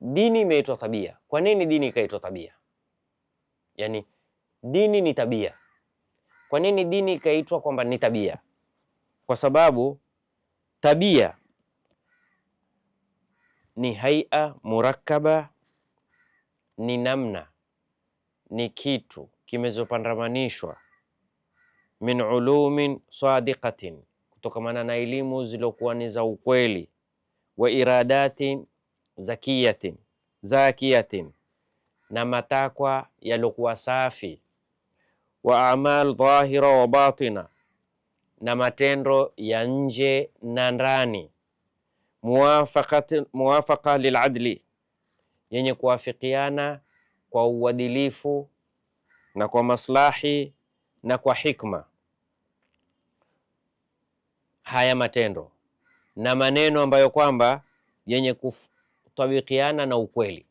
Dini imeitwa tabia. Kwa nini dini ikaitwa tabia? Yaani dini ni tabia. Kwa nini dini ikaitwa kwamba ni tabia? Kwa sababu tabia ni haia murakaba, ni namna, ni kitu kimezopandamanishwa min ulumin sadiqatin, kutokamana na elimu zilizokuwa ni za ukweli wa iradatin zakiyatin zakiyatin, na matakwa yalokuwa safi, wa amal dhahira wa batina, na matendo ya nje na ndani, muwafaqa liladli, yenye kuwafikiana kwa uadilifu na kwa maslahi na kwa hikma. Haya matendo na maneno ambayo kwamba yenye kutabikiana na ukweli.